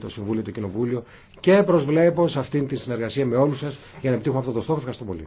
το Συμβούλιο, το Κοινοβούλιο και προσβλέπω σε αυτήν τη συνεργασία με όλους σας για να επιτύχουμε αυτό το στόχο. Ευχαριστώ πολύ.